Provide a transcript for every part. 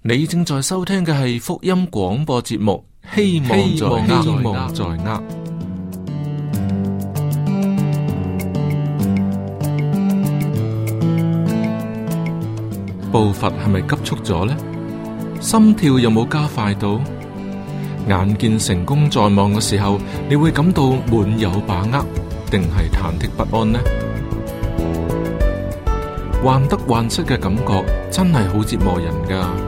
你正在收聽嘅係福音廣播節目，希望，希望在握。步伐係咪急促咗呢？心跳有冇加快到？眼見成功在望嘅時候，你會感到滿有把握，定係忐忑不安呢？患得患失嘅感覺真係好折磨人㗎。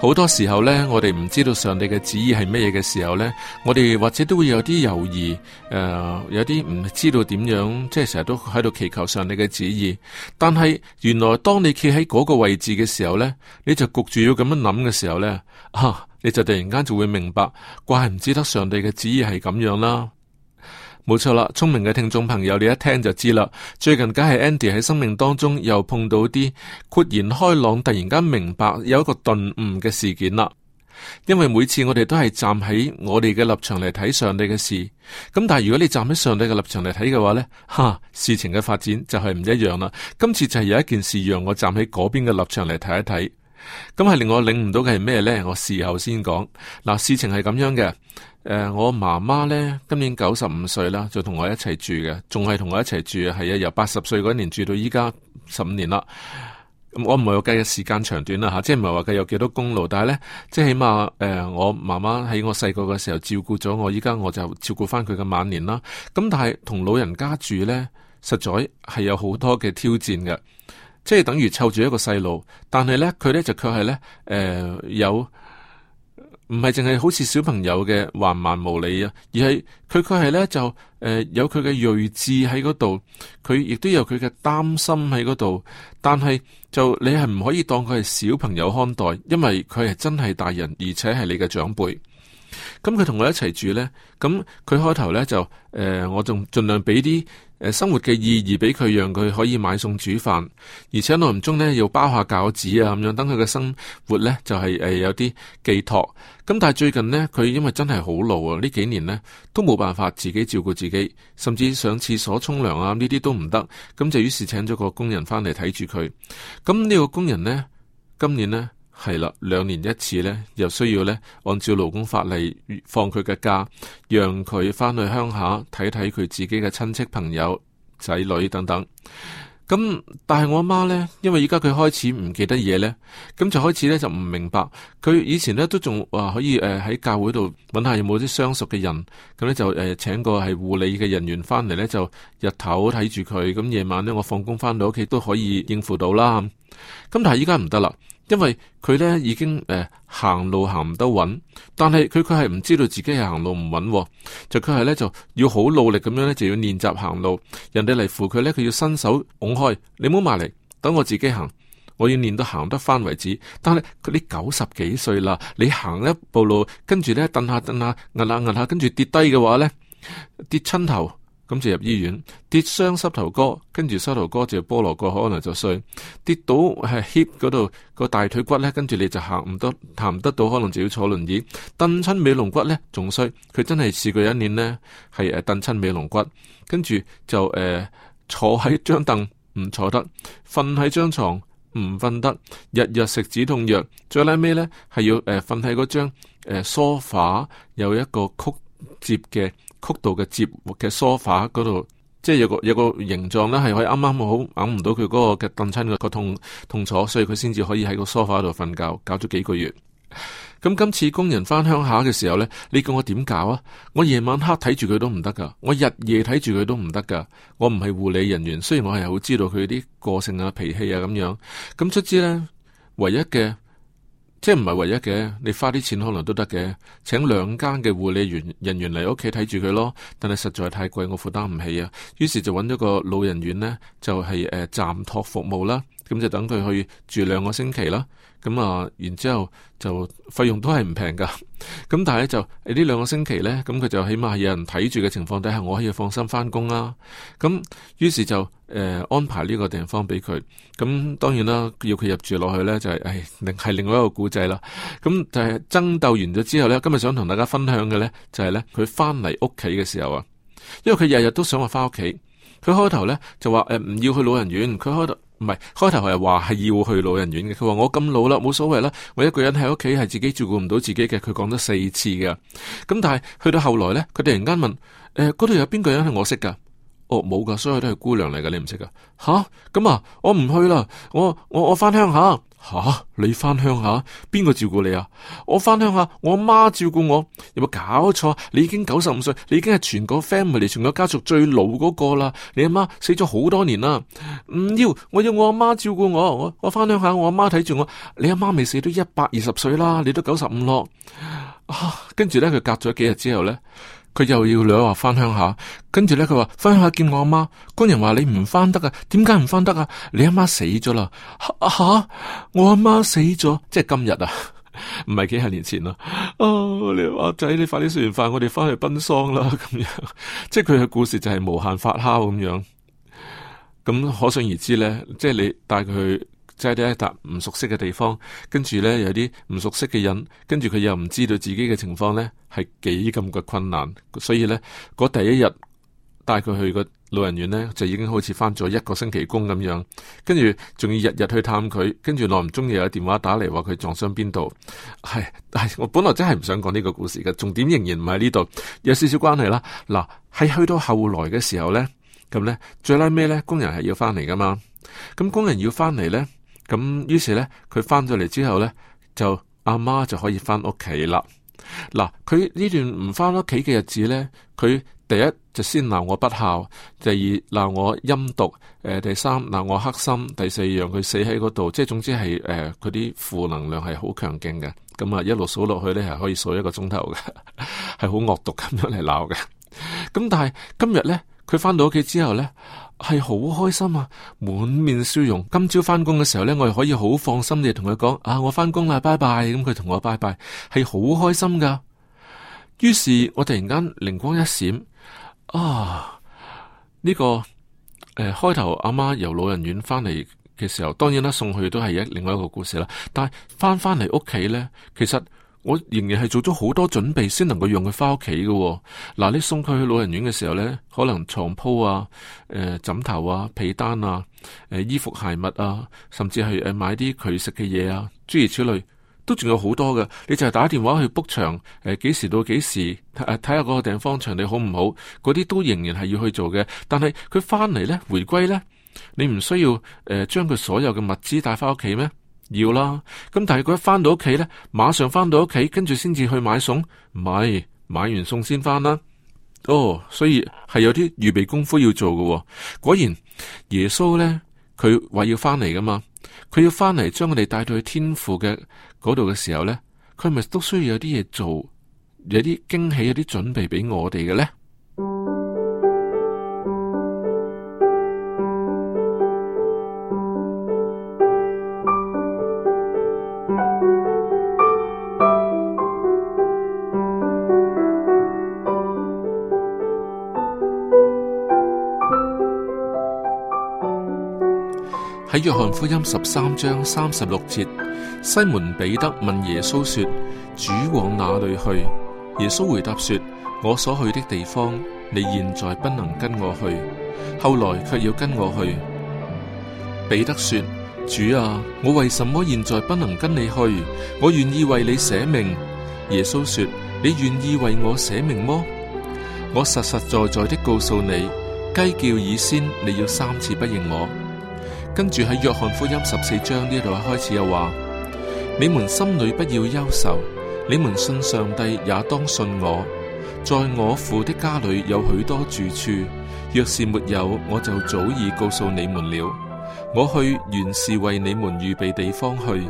好多時候呢，我哋唔知道上帝嘅旨意係乜嘢嘅時候呢，我哋或者都會有啲猶豫，誒、呃，有啲唔知道點樣，即係成日都喺度祈求上帝嘅旨意。但係原來當你企喺嗰個位置嘅時候呢，你就焗住要咁樣諗嘅時候呢、啊，你就突然間就會明白，怪唔之得上帝嘅旨意係咁樣啦。冇錯啦，聰明嘅聽眾朋友，你一聽就知啦。最近梗係 Andy 喺生命當中又碰到啲豁然開朗，突然間明白有一個頓悟嘅事件啦。因為每次我哋都係站喺我哋嘅立場嚟睇上帝嘅事，咁但係如果你站喺上帝嘅立場嚟睇嘅話呢，吓、啊、事情嘅發展就係唔一樣啦。今次就係有一件事讓我站喺嗰邊嘅立場嚟睇一睇，咁係令我領悟到嘅係咩呢？我事後先講嗱，事情係咁樣嘅。誒、呃，我媽媽呢，今年九十五歲啦，就同我一齊住嘅，仲係同我一齊住，係啊，由八十歲嗰年住到依家十五年啦，嗯。我唔係話計嘅時間長短啦吓，啊，即係唔係話計有幾多功勞，但係呢，即係起碼誒，我媽媽喺我細個嘅時候照顧咗我，依家我就照顧翻佢嘅晚年啦。咁，嗯，但係同老人家住呢，實在係有好多嘅挑戰嘅，即係等於湊住一個細路，但係呢，佢呢就佢係呢。誒、呃、有。唔係淨係好似小朋友嘅橫蠻無理啊，而係佢佢係咧就誒、呃、有佢嘅睿智喺嗰度，佢亦都有佢嘅擔心喺嗰度。但係就你係唔可以當佢係小朋友看待，因為佢係真係大人，而且係你嘅長輩。咁佢同我一齊住呢。咁佢開頭呢，就誒、呃，我仲盡量俾啲誒生活嘅意義俾佢，讓佢可以買餸煮飯，而且耐唔中呢，要包下餃子啊咁樣，等佢嘅生活呢，就係、是、誒、呃、有啲寄託。咁但係最近呢，佢因為真係好老啊，呢幾年呢，都冇辦法自己照顧自己，甚至上廁所、啊、沖涼啊呢啲都唔得，咁就於是請咗個工人翻嚟睇住佢。咁呢個工人呢，今年呢。係啦，兩年一次呢，又需要呢，按照勞工法例放佢嘅假，讓佢翻去鄉下睇睇佢自己嘅親戚朋友仔女等等。咁但係我阿媽呢，因為而家佢開始唔記得嘢呢，咁就開始呢，就唔明白。佢以前呢，都仲話可以誒喺教會度揾下有冇啲相熟嘅人，咁呢，就、呃、誒請個係護理嘅人員翻嚟呢，就日頭睇住佢，咁夜晚呢，我放工翻到屋企都可以應付到啦。咁但係而家唔得啦。因為佢咧已經誒、呃、行路行唔得穩，但係佢佢係唔知道自己係行路唔穩，就佢係咧就要好努力咁樣咧就要練習行路，人哋嚟扶佢咧，佢要伸手拱開，你唔好埋嚟，等我自己行，我要練到行得翻為止。但係你九十幾歲啦，你行一步路，跟住咧頓下頓下，壓下壓下，壓下壓下，跟住跌低嘅話咧跌親頭。咁就入醫院跌傷膝頭哥，跟住膝頭哥就菠蘿哥，可能就衰跌到係 hip 嗰度個大腿骨呢，跟住你就行唔得，行唔得到，可能就要坐輪椅，蹬親尾龍骨呢，仲衰。佢真係試過一年呢，係誒蹬親尾龍骨，跟住就誒、呃、坐喺張凳唔坐得，瞓喺張床唔瞓得，日日食止痛藥，最 last 尾咧，係要誒瞓喺嗰張梳、呃、化，o 有一個曲折嘅。曲度嘅接活嘅梳化嗰度，即係有個有個形狀咧，係可以啱啱好揞唔到佢嗰個嘅扽親個痛痛楚，所以佢先至可以喺個梳化度瞓覺，搞咗幾個月。咁今次工人翻鄉下嘅時候咧，你叫我點搞啊？我夜晚黑睇住佢都唔得噶，我日夜睇住佢都唔得噶。我唔係護理人員，雖然我係好知道佢啲個性啊、脾氣啊咁樣。咁出之咧，唯一嘅。即係唔係唯一嘅，你花啲錢可能都得嘅，請兩間嘅護理員人員嚟屋企睇住佢咯。但係實在太貴，我負擔唔起啊。於是就揾咗個老人院呢，就係、是、誒、呃、暫託服務啦。咁就等佢去住兩個星期啦。咁、嗯、啊，然之後就費用都係唔平噶，咁、嗯、但係咧就誒呢兩個星期咧，咁、嗯、佢就起碼有人睇住嘅情況底下，我可以放心翻工啦。咁、嗯、於是就誒、呃、安排呢個地方俾佢。咁、嗯、當然啦，要佢入住落去咧就係、是、誒，係、哎、另外一個故仔啦。咁、嗯、就係、是、爭鬥完咗之後咧，今日想同大家分享嘅咧就係、是、咧，佢翻嚟屋企嘅時候啊，因為佢日日都想話翻屋企。佢開頭咧就話誒唔要去老人院，佢開頭。唔係開頭係話係要去老人院嘅，佢話我咁老啦，冇所謂啦，我一個人喺屋企係自己照顧唔到自己嘅。佢講咗四次嘅，咁但係去到後來咧，佢突然間問，誒嗰度有邊個人係我識㗎？哦，冇㗎，所以都係姑娘嚟㗎，你唔識㗎？吓？咁啊，我唔去啦，我我我翻鄉下。吓、啊！你返鄉下邊個照顧你啊？我返鄉下，我阿媽照顧我。有冇搞錯？你已經九十五歲，你已經係全個 family、全個家族最老嗰個啦。你阿媽死咗好多年啦。唔、嗯、要，我要我阿媽照顧我。我我返鄉下，我阿媽睇住我。你阿媽未死都一百二十歲啦，你都九十五咯。啊，跟住咧，佢隔咗幾日之後咧。佢又要兩話翻鄉下，跟住咧佢話翻鄉下見我阿媽，工人話你唔翻得啊，點解唔翻得啊？你阿媽死咗啦，吓，我阿媽死咗，即係今日啊，唔 係幾十年前啦。啊、哦，你阿仔，你快啲食完飯，我哋翻去奔喪啦。咁樣，即係佢嘅故事就係無限發酵咁樣。咁可想而知咧，即係你帶佢。去。即係喺一笪唔熟悉嘅地方，跟住呢有啲唔熟悉嘅人，跟住佢又唔知道自己嘅情況呢係幾咁嘅困難，所以呢，嗰第一日帶佢去個老人院呢，就已經好似翻咗一個星期工咁樣。跟住仲要日日去探佢，跟住耐唔中又有電話打嚟話佢撞傷邊度。係係，我本來真係唔想講呢個故事嘅，重點仍然唔喺呢度，有少少關係啦。嗱，喺去到後來嘅時候呢，咁呢，最拉尾呢，工人係要翻嚟噶嘛，咁工人要翻嚟呢。咁於是呢，佢翻咗嚟之後呢，就阿媽就可以翻屋企啦。嗱，佢呢段唔翻屋企嘅日子呢，佢第一就先鬧我不孝，第二鬧我陰毒，誒、呃、第三鬧我黑心，第四樣佢死喺嗰度，即係總之係誒佢啲負能量係好強勁嘅。咁啊一路數落去呢，係可以數一個鐘頭嘅，係 好惡毒咁樣嚟鬧嘅。咁但係今日呢，佢翻到屋企之後呢。係好開心啊，滿面笑容。今朝翻工嘅時候呢，我哋可以好放心地同佢講：啊，我翻工啦，拜拜。咁佢同我拜拜，係好開心噶。於是，我突然間靈光一閃啊！呢、這個誒、呃、開頭，阿媽由老人院翻嚟嘅時候，當然啦，送去都係一另外一個故事啦。但係翻翻嚟屋企呢，其實。我仍然係做咗好多準備用、哦，先能夠讓佢翻屋企嘅。嗱，你送佢去老人院嘅時候呢，可能床鋪啊、誒、呃、枕頭啊、被單啊、誒、呃、衣服鞋襪啊，甚至係誒、呃、買啲佢食嘅嘢啊，諸如此類，都仲有好多嘅。你就係打電話去 book 場，誒、呃、幾時到幾時，睇下嗰個地方場地好唔好，嗰啲都仍然係要去做嘅。但係佢翻嚟呢，回歸呢，你唔需要誒將佢所有嘅物資帶翻屋企咩？要啦，咁但係佢一翻到屋企咧，馬上翻到屋企，跟住先至去買餸，唔係，買完餸先翻啦。哦，所以係有啲預備功夫要做嘅，哦。果然耶穌咧，佢話要翻嚟噶嘛，佢要翻嚟將我哋帶到去天父嘅嗰度嘅時候咧，佢咪都需要有啲嘢做，有啲驚喜，有啲準備俾我哋嘅咧。喺約翰福音十三章三十六節，西門彼得問耶穌說：主往哪裏去？耶穌回答說：我所去的地方，你現在不能跟我去，後來却要跟我去。彼得說：主啊，我為什麼現在不能跟你去？我願意為你捨命。耶穌說：你願意為我捨命麼？我實實在在的告訴你，雞叫以先，你要三次不認我。跟住喺約翰福音十四章呢度開始又話： 你們心裏不要憂愁，你們信上帝也當信我。在我父的家裏有許多住處，若是沒有，我就早已告訴你們了。我去原是為你們預備地方去，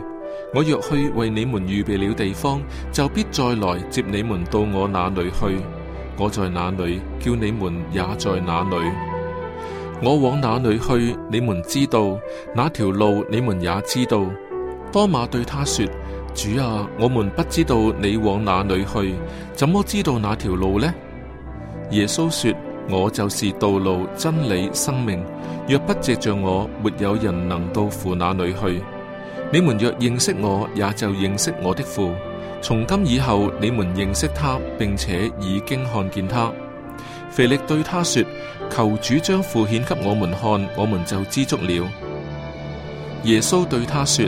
我若去為你們預備了地方，就必再來接你們到我那裏去。我在那裏，叫你們也在那裏。我往哪裏去，你們知道，那條路你們也知道。多馬對他說：主啊，我們不知道你往哪裏去，怎麼知道那條路呢？耶穌說：我就是道路、真理、生命，若不借着我，沒有人能到父那裏去。你們若認識我，也就認識我的父。從今以後，你們認識他，並且已經看見他。腓力對他說：求主將父顯給我們看，我們就知足了。耶穌對他說：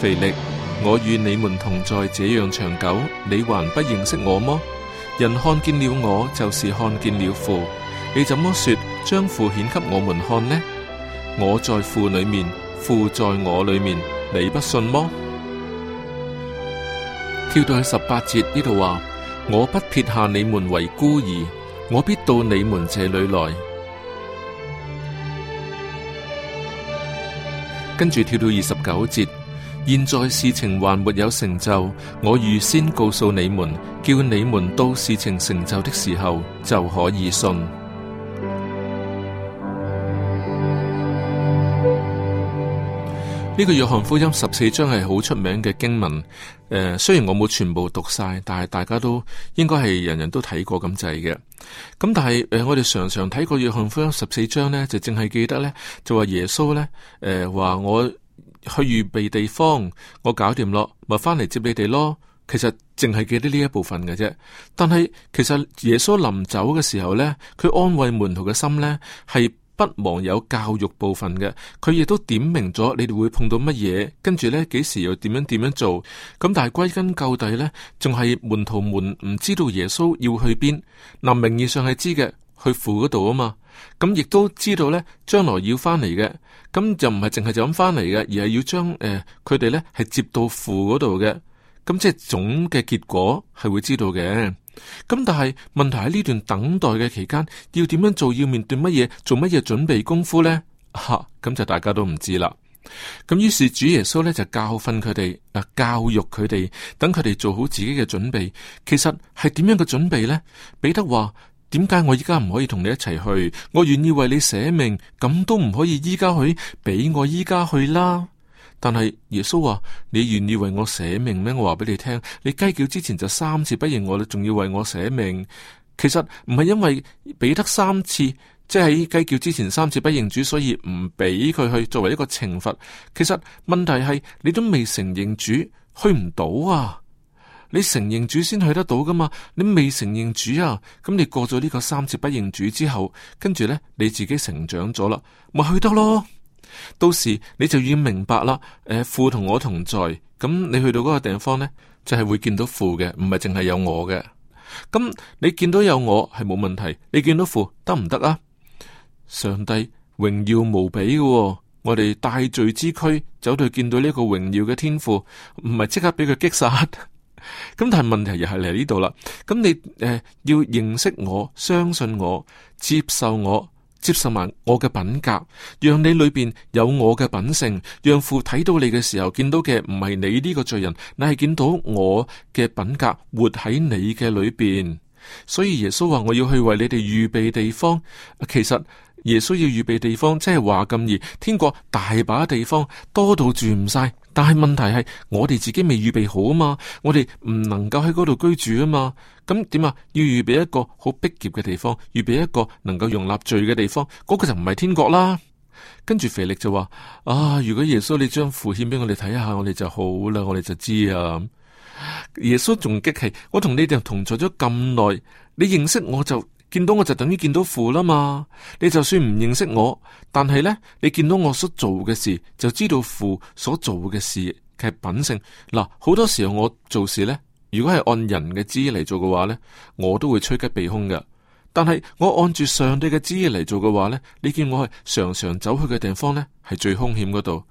腓力，我與你們同在這樣長久，你還不認識我麼？人看見了我，就是看見了父。你怎麼說將父顯給我們看呢？我在父裏面，父在我裏面，你不信麼？跳到去十八節呢度話：我不撇下你們為孤兒。我必到你們這裏來，跟住跳到二十九節。現在事情還沒有成就，我預先告訴你們，叫你們到事情成就的時候就可以信。呢、這個約翰福音十四章係好出名嘅經文，誒、呃，雖然我冇全部讀晒，但係大家都應該係人人都睇過咁滯嘅。咁但係誒、呃，我哋常常睇過約翰福音十四章呢，就淨係記得呢，就話耶穌呢誒話、呃、我去預備地方，我搞掂咯，咪翻嚟接你哋咯。其實淨係記得呢一部分嘅啫。但係其實耶穌臨走嘅時候呢，佢安慰門徒嘅心呢係，不忘有教育部分嘅，佢亦都點明咗你哋會碰到乜嘢，跟住呢幾時又點樣點樣做，咁但係歸根究底呢，仲係門徒們唔知道耶穌要去邊，嗱，名義上係知嘅，去父嗰度啊嘛，咁亦都知道呢將來要翻嚟嘅，咁就唔係淨係就咁翻嚟嘅，而係要將誒佢哋呢，係接到父嗰度嘅，咁即係總嘅結果係會知道嘅。咁但係問題喺呢段等待嘅期間要點樣做？要面對乜嘢？做乜嘢準備功夫呢？吓、啊、咁就大家都唔知啦。咁於是主耶穌呢，就教訓佢哋，啊教育佢哋，等佢哋做好自己嘅準備。其實係點樣嘅準備呢？彼得話：點解我依家唔可以同你一齊去？我願意為你捨命，咁都唔可以依家去，俾我依家去啦。但係耶穌話，你願意為我捨命咩？我話俾你聽，你雞叫之前就三次不認我啦，仲要為我捨命。其實唔係因為俾得三次，即係雞叫之前三次不認主，所以唔俾佢去作為一個懲罰。其實問題係你都未承認主，去唔到啊！你承認主先去得到噶嘛？你未承認主啊，咁你過咗呢個三次不認主之後，跟住呢，你自己成長咗啦，咪去得咯。到時你就要明白啦，誒，父同我同在，咁你去到嗰個地方呢，就係、是、會見到父嘅，唔係淨係有我嘅。咁你見到有我係冇問題，你見到父得唔得啊？上帝榮耀無比嘅，哦，我哋大罪之軀走去見到呢個榮耀嘅天父，唔係即刻俾佢擊殺。咁 但係問題又係嚟呢度啦，咁你誒、呃、要認識我，相信我，接受我。接受埋我嘅品格，讓你裏邊有我嘅品性，讓父睇到你嘅時候見到嘅唔係你呢個罪人，你係見到我嘅品格活喺你嘅裏邊。所以耶穌話我要去為你哋預備地方，其實。耶穌要預備地方，即係話咁而天國大把地方，多到住唔晒。但係問題係我哋自己未預備好啊嘛，我哋唔能夠喺嗰度居住啊嘛。咁點啊？要預備一個好逼仄嘅地方，預備一個能夠容納罪嘅地方，嗰個就唔係天國啦。跟住腓力就話：啊，如果耶穌你將父顯俾我哋睇一下，我哋就好啦，我哋就知啊。耶穌仲激氣，我同你哋同在咗咁耐，你認識我就。見到我就等於見到父啦嘛！你就算唔認識我，但係呢，你見到我所做嘅事，就知道父所做嘅事嘅品性。嗱，好多時候我做事呢，如果係按人嘅旨意嚟做嘅話呢，我都會趨吉避凶嘅。但係我按住上帝嘅旨意嚟做嘅話呢，你見我係常常走去嘅地方呢，係最凶險嗰度。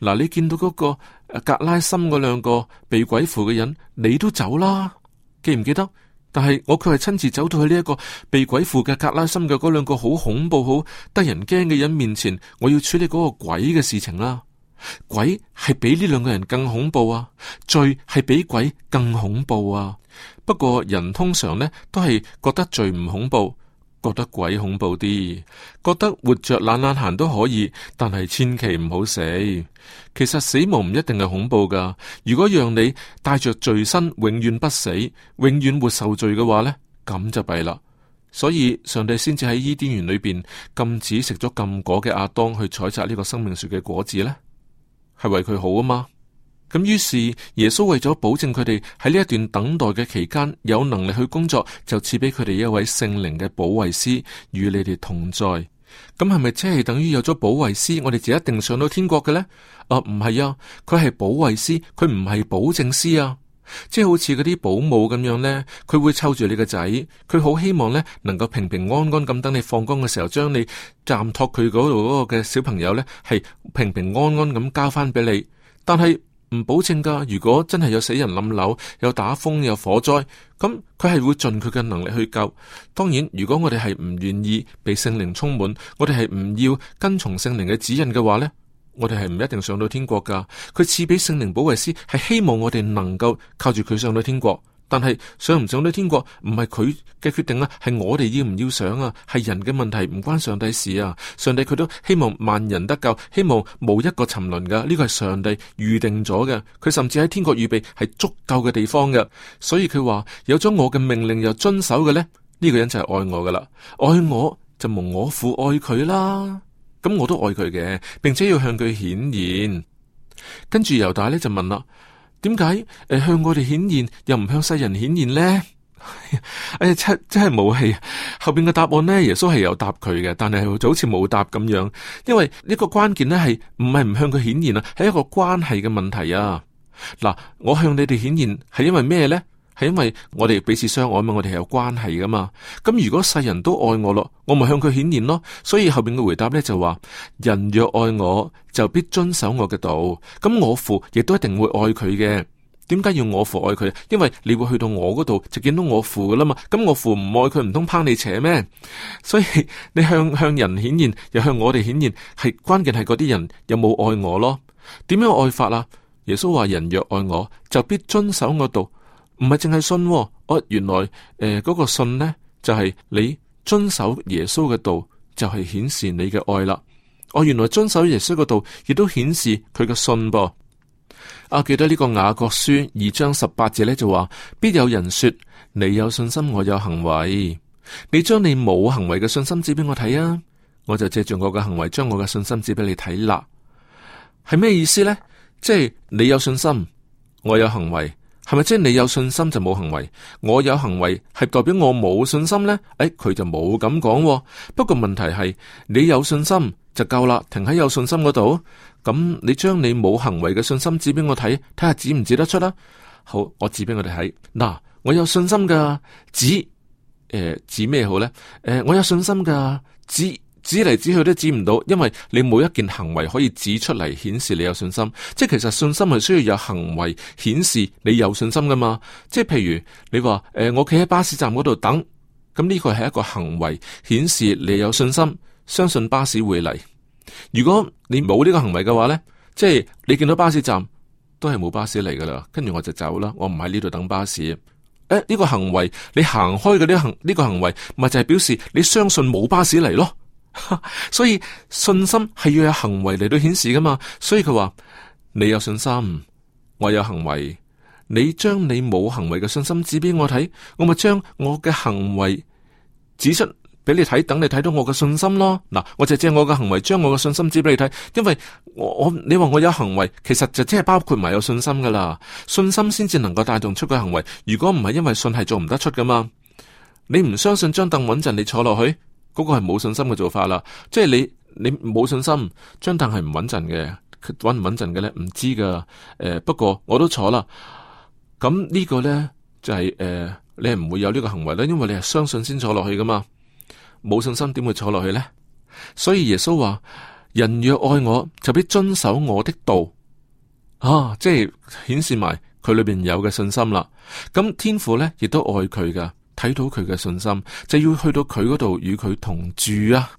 嗱，你見到嗰個格拉森嗰兩個被鬼附嘅人，你都走啦，記唔記得？但係我卻係親自走到去呢一個被鬼附嘅格拉森嘅嗰兩個好恐怖、好得人驚嘅人面前，我要處理嗰個鬼嘅事情啦。鬼係比呢兩個人更恐怖啊，罪係比鬼更恐怖啊。不過人通常呢都係覺得罪唔恐怖。覺得鬼恐怖啲，覺得活着懶懶閒都可以，但係千祈唔好死。其實死亡唔一定係恐怖噶，如果讓你帶着罪身永遠不死，永遠活受罪嘅話呢，咁就弊啦。所以上帝先至喺伊甸園裏邊禁止食咗禁果嘅阿當去採摘呢個生命樹嘅果子呢，係為佢好啊嘛。咁於是耶穌為咗保證佢哋喺呢一段等待嘅期間有能力去工作，就賜俾佢哋一位聖靈嘅保衞師與你哋同在。咁係咪即係等於有咗保衞師，我哋就一定上到天國嘅呢？啊，唔係啊，佢係保衞師，佢唔係保證師啊。即係好似嗰啲保姆咁樣呢，佢會湊住你個仔，佢好希望呢能夠平平安安咁等你放工嘅時候，將你暫託佢嗰度嗰個嘅小朋友呢，係平平安安咁交翻俾你。但係，唔保證噶。如果真係有死人冧樓、有打風、有火災，咁佢係會盡佢嘅能力去救。當然，如果我哋係唔願意被聖靈充滿，我哋係唔要跟從聖靈嘅指引嘅話呢，我哋係唔一定上到天國噶。佢賜俾聖靈保惠師，係希望我哋能夠靠住佢上到天國。但係想唔想得天國，唔係佢嘅決定啊，係我哋要唔要想啊，係人嘅問題，唔關上帝事啊。上帝佢都希望萬人得救，希望冇一個沉淪噶，呢個係上帝預定咗嘅。佢甚至喺天國預備係足夠嘅地方嘅，所以佢話有咗我嘅命令又遵守嘅呢，呢、呢個人就係愛我噶啦，愛我就蒙我父愛佢啦，咁我都愛佢嘅，並且要向佢顯現。跟住猶大呢就問啦。點解誒向我哋顯現又唔向世人顯現呢？誒、 哎，真真係冇氣。後邊嘅答案呢，耶穌係有答佢嘅，但係就好似冇答咁樣。因為呢個關鍵呢，係唔係唔向佢顯現啊，係一個關係嘅問題啊。嗱，我向你哋顯現係因為咩呢？係因為我哋彼此相愛嘛，我哋係有關係噶嘛。咁如果世人都愛我咯，我咪向佢顯現咯。所以後邊嘅回答咧就話：人若愛我，就必遵守我嘅道。咁我父亦都一定會愛佢嘅。點解要我父愛佢？因為你會去到我嗰度就見到我父噶啦嘛。咁我父唔愛佢唔通攀你扯咩？所以你向向人顯現，又向我哋顯現，係關鍵係嗰啲人有冇愛我咯。點樣愛法啊？耶穌話：人若愛我，就必遵守我道。唔係淨係信，哦，我，哦，原來誒嗰，呃那個信呢，就係、是，你遵守耶穌嘅道就係、是，顯示你嘅愛啦。我，哦，原來遵守耶穌嘅道亦都顯示佢嘅信噃，哦。啊，記得呢，這個雅各書二章十八節呢，就話，必有人說你有信心，我有行為。你將你冇行為嘅信心指俾我睇啊，我就借住我嘅行為將我嘅信心指俾你睇啦。係咩意思呢？即係你有信心，我有行為。係咪即係你有信心就冇行為？我有行為係代表我冇信心呢？誒、哎，佢就冇咁講。不過問題係你有信心就夠啦，停喺有信心嗰度。咁、嗯、你將你冇行為嘅信心指俾我睇，睇下指唔指得出啦、啊？好，我指俾我哋睇。嗱，我有信心噶指，誒、呃，指咩好呢？誒、呃，我有信心噶指。指嚟指去都指唔到，因為你冇一件行為可以指出嚟顯示你有信心。即係其實信心係需要有行為顯示你有信心噶嘛。即係譬如你話誒、呃，我企喺巴士站嗰度等，咁呢個係一個行為顯示你有信心，相信巴士會嚟。如果你冇呢個行為嘅話咧，即係你見到巴士站都係冇巴士嚟噶啦，跟住我就走啦，我唔喺呢度等巴士。誒、欸，呢個行為你行開嘅呢行呢個行為，咪、這個、就係、是、表示你相信冇巴士嚟咯。哈，所以信心係要有行為嚟到顯示噶嘛，所以佢話你有信心，我有行為，你將你冇行為嘅信心指俾我睇，我咪將我嘅行為指出俾你睇，等你睇到我嘅信心咯。嗱，我就借我嘅行為將我嘅信心指俾你睇，因為我我你話我有行為，其實就即係包括埋有信心噶啦，信心先至能夠帶動出個行為，如果唔係因為信係做唔得出噶嘛，你唔相信張凳穩陣，你坐落去。嗰個係冇信心嘅做法啦，即係你你冇信心，張凳係唔穩陣嘅，穩唔穩陣嘅咧？唔知噶，誒、呃，不過我都坐啦。咁呢個咧就係、是、誒、呃，你係唔會有呢個行為啦，因為你係相信先坐落去噶嘛，冇信心點會坐落去咧？所以耶穌話：人若愛我，就必遵守我的道。啊，即係顯示埋佢裏邊有嘅信心啦。咁天父咧亦都愛佢噶。睇到佢嘅信心，就要去到佢嗰度與佢同住啊！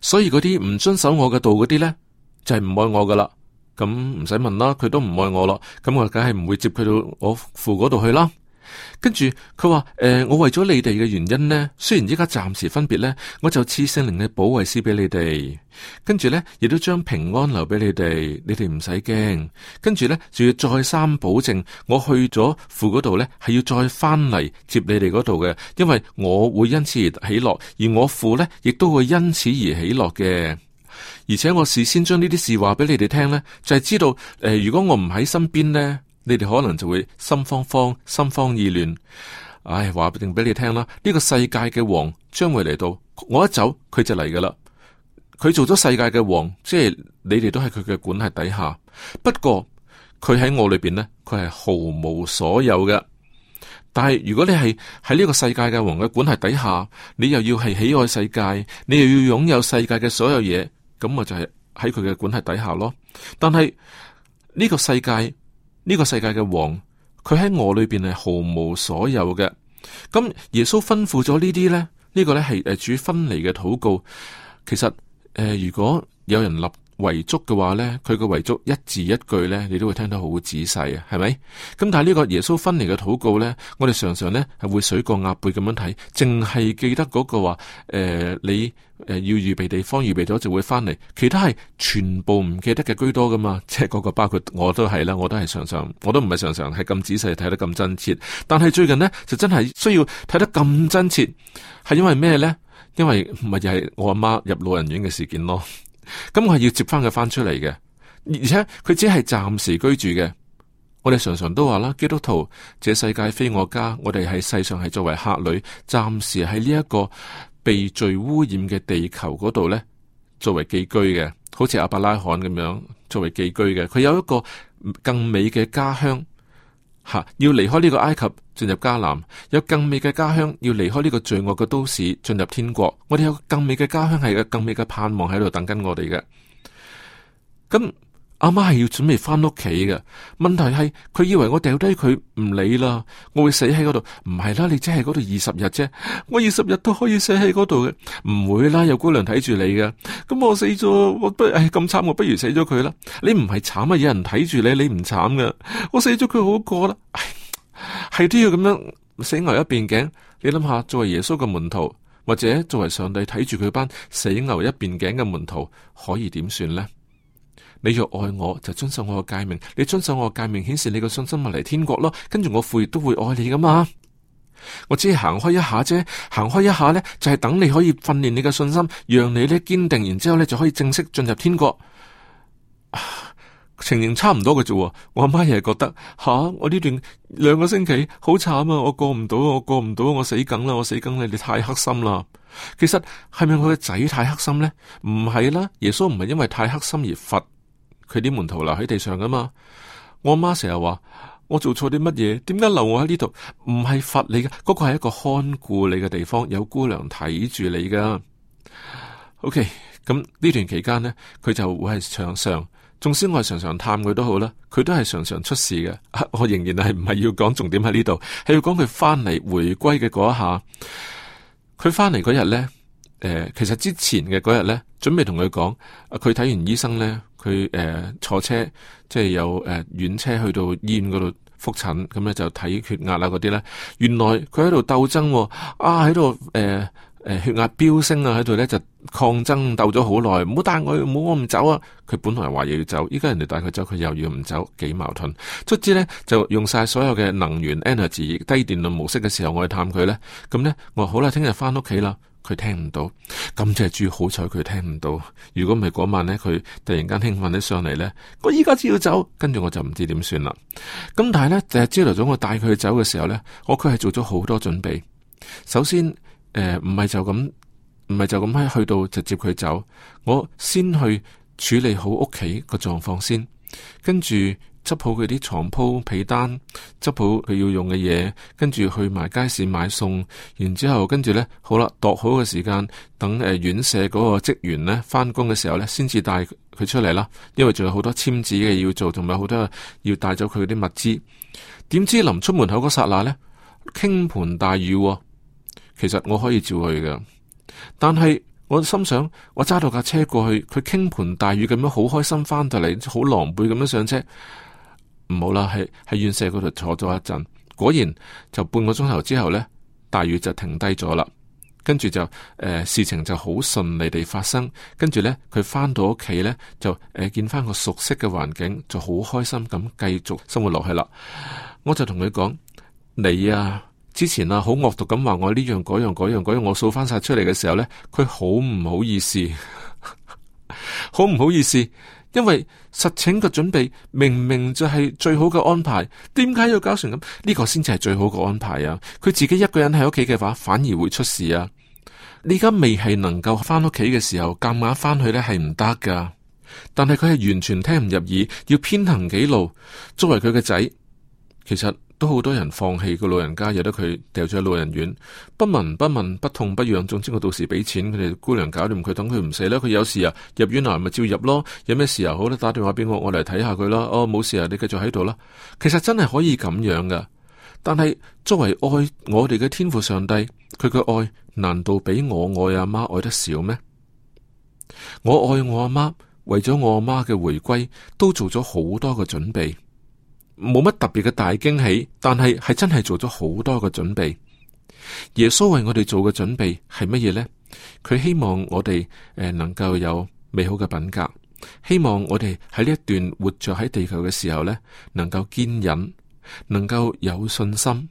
所以嗰啲唔遵守我嘅道嗰啲咧，就係唔愛我噶啦。咁唔使問啦，佢都唔愛我咯。咁我梗係唔會接佢到我父嗰度去啦。跟住佢話誒，我為咗你哋嘅原因呢，雖然依家暫時分別呢，我就賜聖靈嘅保惠師俾你哋，跟住呢，亦都將平安留俾你哋，你哋唔使驚。跟住呢，仲要再三保證，我去咗父嗰度呢，係要再翻嚟接你哋嗰度嘅，因為我會因此而喜樂，而我父呢，亦都會因此而喜樂嘅。而且我事先將呢啲事話俾你哋聽呢，就係、是、知道誒、呃，如果我唔喺身邊呢。你哋可能就會心慌慌、心慌意亂。唉，話不定俾你聽啦，呢個世界嘅王將會嚟到。我一走，佢就嚟噶啦。佢做咗世界嘅王，即係你哋都係佢嘅管轄底下。不過佢喺我裏邊呢，佢係毫無所有嘅。但係如果你係喺呢個世界嘅王嘅管轄底下，你又要係喜愛世界，你又要擁有世界嘅所有嘢，咁咪就係喺佢嘅管轄底下咯。但係呢個世界。呢個世界嘅王，佢喺我裏邊係毫無所有嘅。咁耶穌吩咐咗呢啲咧，呢、呢個咧係誒主分離嘅禱告。其實誒、呃，如果有人立遺囑嘅話呢，佢個遺囑一字一句呢，你都會聽得好仔細啊，係咪？咁但係呢個耶穌分離嘅禱告呢，我哋常常呢係會水過鴨背咁樣睇，淨係記得嗰個話，誒、呃，你誒要預備地方，預備咗就會翻嚟，其他係全部唔記得嘅居多噶嘛，即係嗰個包括我都係啦，我都係常常，我都唔係常常係咁仔細睇得咁真切，但係最近呢，就真係需要睇得咁真切，係因為咩呢？因為咪又係我阿媽，媽入老人院嘅事件咯。咁、嗯、我係要接翻佢翻出嚟嘅，而且佢只係暫時居住嘅。我哋常常都話啦，基督徒，這世界非我家，我哋喺世上係作為客旅，暫時喺呢一個被罪污染嘅地球嗰度呢，作為寄居嘅，好似亞伯拉罕咁樣，作為寄居嘅，佢有一個更美嘅家鄉。要離開呢個埃及，進入迦南，有更美嘅家鄉；要離開呢個罪惡嘅都市，進入天國。我哋有更美嘅家鄉，係有更美嘅盼望喺度等緊我哋嘅。咁。阿媽係要準備翻屋企嘅，問題係佢以為我掉低佢唔理啦，我會死喺嗰度。唔係啦，你只係嗰度二十日啫，我二十日都可以死喺嗰度嘅，唔會啦，有姑娘睇住你嘅。咁我死咗，我不，唉咁慘，我不如死咗佢啦。你唔係慘啊，有人睇住你，你唔慘嘅。我死咗佢好過啦，係都要咁樣死牛一邊頸。你諗下，作為耶穌嘅門徒，或者作為上帝睇住佢班死牛一邊頸嘅門徒，可以點算呢？你若愛我，就遵守我嘅誡命。你遵守我嘅誡命，顯示你嘅信心，咪嚟天國咯。跟住我父亦都會愛你噶嘛。我只係行開一下啫，行開一下呢，就係、是、等你可以訓練你嘅信心，讓你呢堅定，然之後呢，就可以正式進入天國。情形差唔多嘅啫。我阿媽又係覺得吓、啊，我呢段兩個星期好慘啊，我過唔到，我過唔到，我死梗啦，我死梗啦，你太黑心啦。其實係咪我嘅仔太黑心呢？唔係啦，耶穌唔係因為太黑心而罰。佢啲門徒留喺地上噶嘛？我阿媽成日話我做錯啲乜嘢？點解留我喺呢度？唔係罰你嘅，嗰個係一個看顧你嘅地方，有姑娘睇住你噶。OK，咁呢段期間呢，佢就會係上。常，眾我係常常探佢都好啦。佢都係常常出事嘅、啊。我仍然係唔係要講重點喺呢度，係要講佢翻嚟回歸嘅嗰一下。佢翻嚟嗰日呢。誒，其實之前嘅嗰日咧，準備同佢講，佢睇完醫生咧，佢誒、呃、坐車，即、就、係、是、有誒遠、呃、車去到醫院嗰度復診，咁咧就睇血壓啦嗰啲咧。原來佢喺度鬥爭啊，啊喺度誒誒血壓飆升啊，喺度咧就抗爭鬥咗好耐，唔好帶我，唔好我唔走啊。佢本來話要走，依家人哋帶佢走，佢又要唔走，幾矛盾。卒之咧就用晒所有嘅能源 energy 低電量模式嘅時候，我去探佢咧，咁咧我好啦，聽日翻屋企啦。佢聽唔到，咁就係主好彩佢聽唔到。如果唔係嗰晚呢，佢突然間興奮起上嚟呢，我依家就要走，跟住我就唔知點算啦。咁但係呢，第日朝頭早我帶佢去走嘅時候呢，我佢係做咗好多準備。首先，誒唔係就咁，唔係就咁喺去到直接佢走。我先去處理好屋企個狀況先，跟住。執好佢啲床鋪被單，執好佢要用嘅嘢，跟住去埋街市買餸，然之後跟住呢。好啦，度好嘅時間，等誒、呃、院舍嗰個職員呢翻工嘅時候呢，先至帶佢出嚟啦。因為仲有好多簽紙嘅要做，同埋好多要帶走佢啲物資。點知臨出門口嗰剎那呢，傾盆大雨，哦。其實我可以照去嘅，但係我心想，我揸到架車過去，佢傾盆大雨咁樣，好開心翻到嚟，好狼狽咁樣上車。唔好啦，喺喺院舍嗰度坐咗一陣，果然就半個鐘頭之後呢，大雨就停低咗啦。跟住就誒、呃，事情就好順利地發生。跟住呢，佢翻到屋企呢，就誒見翻個熟悉嘅環境，就好開心咁繼續生活落去啦。我就同佢講：你啊，之前啊，好惡毒咁話我呢、這個、樣嗰樣嗰樣嗰樣，我數翻晒出嚟嘅時候呢，佢好唔好意思， 好唔好意思。因為實情嘅準備明明就係最好嘅安排，點解要搞成咁？呢個先至係最好嘅安排啊！佢自己一個人喺屋企嘅話，反而會出事啊！呢家未係能夠翻屋企嘅時候，夾硬翻去呢係唔得噶。但係佢係完全聽唔入耳，要偏行幾路，作為佢嘅仔。其實都好多人放棄個老人家，由得佢掉咗去老人院，不聞不問，不痛不癢。總之我到時俾錢佢哋姑娘搞掂佢，等佢唔死啦。佢有事啊，入院啊，咪照入咯。有咩事啊，好啦，打電話俾我，我嚟睇下佢啦。哦，冇事啊，你繼續喺度啦。其實真係可以咁樣噶。但係作為愛我哋嘅天父上帝，佢嘅愛難道比我愛阿媽愛得少咩？我愛我阿媽，為咗我阿媽嘅回歸，都做咗好多嘅準備。冇乜特別嘅大驚喜，但係係真係做咗好多嘅準備。耶穌為我哋做嘅準備係乜嘢呢？佢希望我哋誒、呃、能夠有美好嘅品格，希望我哋喺呢一段活着喺地球嘅時候呢，能夠堅忍，能夠有信心。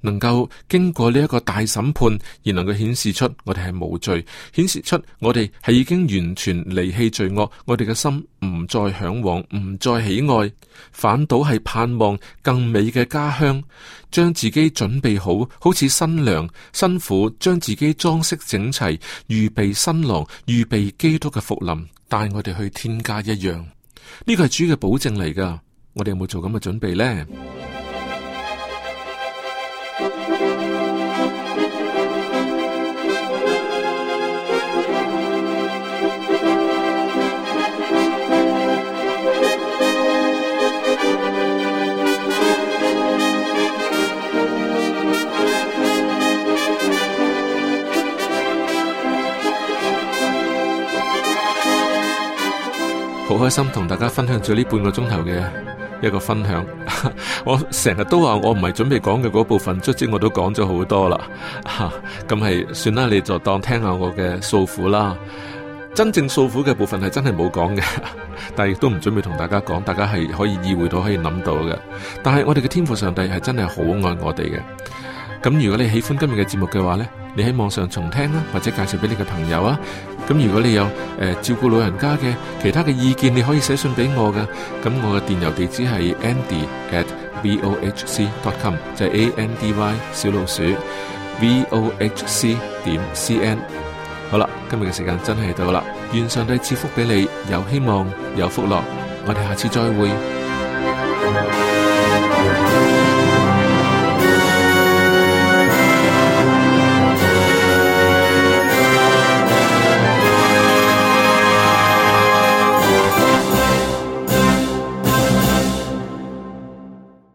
能夠經過呢一個大審判而能夠顯示出我哋係無罪，顯示出我哋係已經完全離棄罪惡，我哋嘅心唔再向往，唔再喜愛，反倒係盼望更美嘅家鄉，將自己準備好，好似新娘辛苦將自己裝飾整齊，預備新郎，預備基督嘅復臨，帶我哋去天家一樣。呢個係主嘅保證嚟㗎，我哋有冇做咁嘅準備呢？好開心同大家分享咗呢半個鐘頭嘅一個分享， 我成日都話我唔係準備講嘅嗰部分，卒之我都講咗好多啦，咁 係算啦，你就當聽下我嘅訴苦啦。真正訴苦嘅部分係真係冇講嘅， 但係亦都唔準備同大家講，大家係可以意會到，可以諗到嘅。但係我哋嘅天父上帝係真係好愛我哋嘅。咁如果你喜歡今日嘅節目嘅話呢，你喺網上重聽啦，或者介紹俾你嘅朋友啊。咁如果你有誒、呃、照顧老人家嘅其他嘅意見，你可以寫信俾我嘅，咁我嘅電郵地址係 andy at vohc dot com，就係 andy 小老鼠 vohc 點 cn。V o H c. C N. 好啦，今日嘅時間真係到啦，願上帝賜福俾你，有希望，有福樂，我哋下次再會。